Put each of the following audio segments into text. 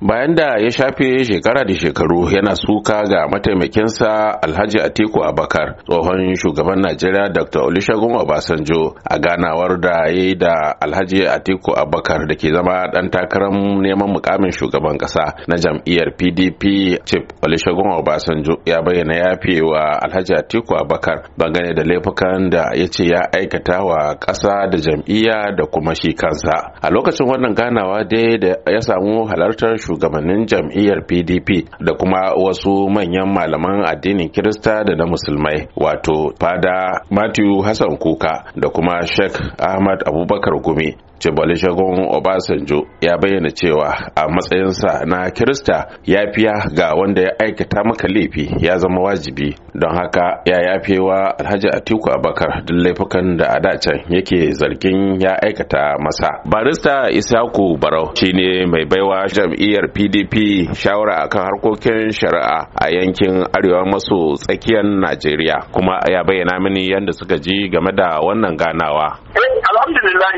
bayan da ya shafe shekara da shekaru yana suka ga mataimakinsa alhaji atiku abakar tsohon shugaban najeriya dr olusegun obasanjo a ganawar da ya yi da alhaji atiku abakar da ke zama dan takarar neman mukamin shugaban kasa na jam'iyyar pdp chief olusegun obasanjo ya bayyana ya fiye wa alhaji atiku abakar bangane da laifukan da ya ce ya aikata wa kasa da jam'iyya da kuma shi kansa a lokacin wannan ganawa dai da ya samu halartar shugabannin jam'iyyar pdp da kuma wasu manyan malaman addinin kirista da na musulmai wato fada matthew hassan kuka da kuma sheikh ahmad abubakar gumi Shagon Obasanjo ya bayyana cewa a matsayinsa na Kirista ya fiya ga wanda ya aikata maka laifi ya zama wajibi don haka ya yafewa Alhaji Atiku Abakar duk laifukan da a dacen yake zargin ya aikata masa. Barista Isaku Barau shine mai baiwa jam'iyyar PDP shawara akan harkokin shari'a a yankin Arewa maso tsakiyar Najeriya kuma ya bayyana mini yadda suka ji game da wannan ganawa. Eh, Alhamdulillah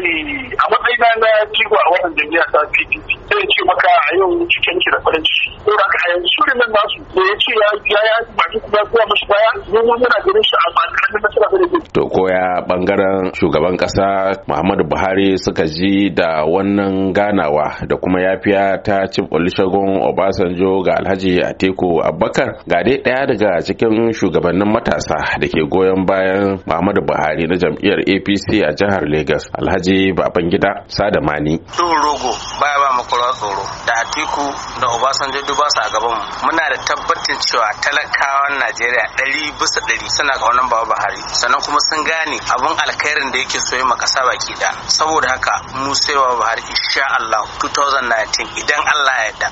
na na kiwa a wannan jami'a ta PDP zai ce maka a yau cikin ki da farin ciki ko da a yanzu da nan nasu da ya ce ya ya shi kuma zuwa mashi baya mu mun muna ganin shi a tsakanin nasara da ne to koya bangaren shugaban kasa Muhammadu Buhari suka ji da wannan ganawa da kuma yafiya ta cin Olusegun Obasanjo ga Alhaji Atiku Abubakar ga dai daya daga cikin shugabannin matasa da ke goyon bayan Muhammadu Buhari na jam'iyyar APC a jihar Lagos Alhaji Babangida Sadamani. Tun rogo baya ba makwarar kawo tsoro da atiku da obasanjo duba su a gaban mu muna da tabbacin cewa talakawan najeriya ɗari bisa ɗari suna wannan bawa buhari sannan kuma sun gane abun alkhairin da yake so ma ƙasa baki da saboda haka mu sai wa buhari insha allah 2019 idan allah ya yarda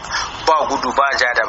ba gudu ba ja da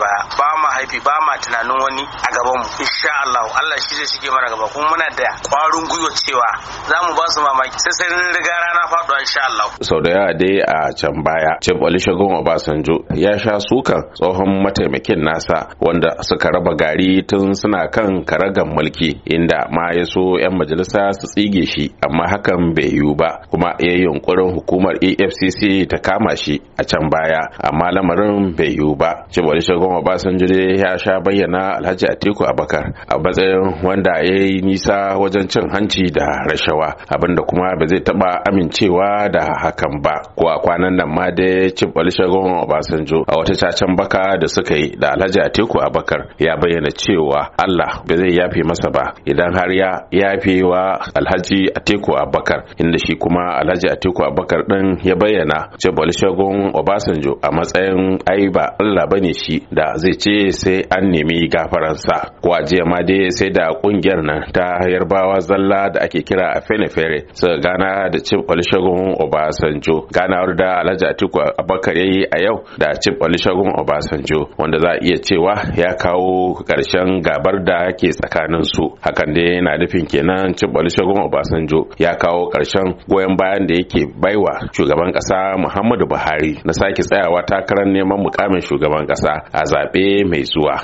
nufi ba ma tunanin wani a gabanmu insha Allah Allah shi zai shige mana gaba kuma muna da kwarin gwiwa cewa za mu ba su mamaki sai sai riga rana faɗo insha Allah sau da yawa dai a can baya Chief Olusegun Obasanjo ya sha sukan tsohon mataimakin nasa wanda suka raba gari tun suna kan karagan mulki inda ma ya so 'yan majalisa su tsige shi amma hakan bai yiwu ba kuma ya yi yunkurin hukumar efcc ta kama shi a can baya amma lamarin bai yiwu ba Chief Olusegun Obasanjo dai ya sha bayyana alhaji atiku abakar a matsayin wanda ya yi nisa wajen cin hanci da rashawa abinda kuma ba zai taba amincewa da hakan ba ko a kwanan nan ma dai cin shagon obasanjo a wata cacan baka da suka yi da alhaji atiku abakar ya bayyana cewa allah ba zai yafe masa ba idan har ya yafe wa alhaji atiku abakar inda shi kuma alhaji atiku abakar din ya bayyana cin shagon obasanjo a matsayin ai ba allah bane shi da zai ce sai an nemi gafaransa ko jiya ma dai sai da kungiyar nan ta yarbawa zalla da ake kira a fenefere su gana da cin olishagun obasanjo ganawar da alhaji atiku abakar ya a yau da cin olishagun obasanjo wanda za a iya cewa ya kawo karshen gabar da ke tsakanin su hakan dai yana nufin kenan cin olishagun obasanjo ya kawo karshen goyon bayan da yake baiwa shugaban kasa muhammadu buhari na sake tsayawa takarar neman mukamin shugaban kasa a zaɓe mai zuwa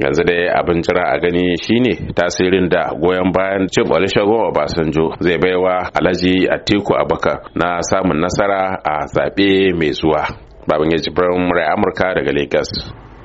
yanzu dai abin jira a gani shine tasirin da goyon bayan cin olusegun obasanjo zai baiwa alhaji atiku abubakar na samun nasara a zaɓe mai zuwa baban ya jibrin murai amurka daga lagos